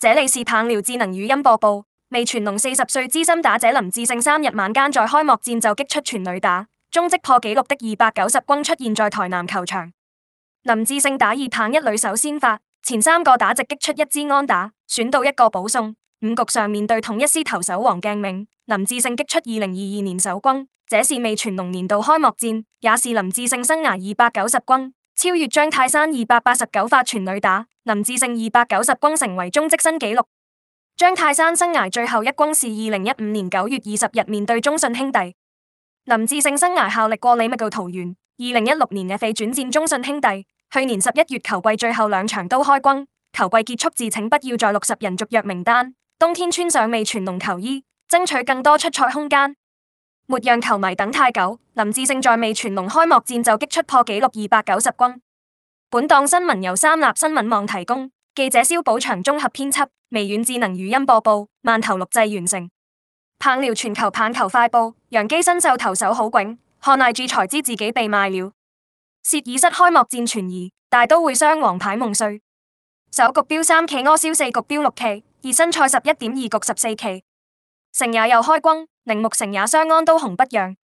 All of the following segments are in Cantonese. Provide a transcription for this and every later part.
這裏是棒聊智能語音播報。味全龍四十歲資深打者林智勝三日晚間在開幕戰就擊出全壘打，中職破紀錄的二百九十轟出現在台南球場。林智勝打二棒一壘手先發，前三個打直，擊出一支安打，選到一個保送。五局上面對統一獅投手王鏡銘，林智勝擊出二零二二年首轟，這是味全龍年度開幕戰，也是林智勝生涯二百九十轟。超越張泰山二百八十九發全壘打，林智勝二百九十轟成為中職新紀錄。張泰山生涯最後一轟是二零一五年九月二十日面對中信兄弟。林智勝生涯效力過利物浦、桃園。二零一六年嘅非轉戰中信兄弟，去年十一月球季最後兩場都開轟，球季結束自請不要在六十人續約名單，冬天穿上味全龍球衣，爭取更多出賽空間。沒讓球迷等太久，林智勝在味全龍開幕戰就擊出破紀錄二百九十轟。本檔新聞由三立新聞網提供，記者蕭寶祥綜合編輯，微軟智能語音播報，萬頭錄製完成。棒料全球棒球快報：洋基新秀投手好拱，看呆住才知自己被賣了。涉爾室開幕戰全疑，大都會雙黃牌夢碎。首局標三，企鵝消四局標六期，熱身賽十一點二局十四期。城也又開轟，鈴木誠也相安，都紅不讓。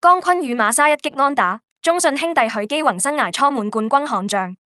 江坤與馬沙一擊安打，中信兄弟許基宏生涯充滿冠軍悍將。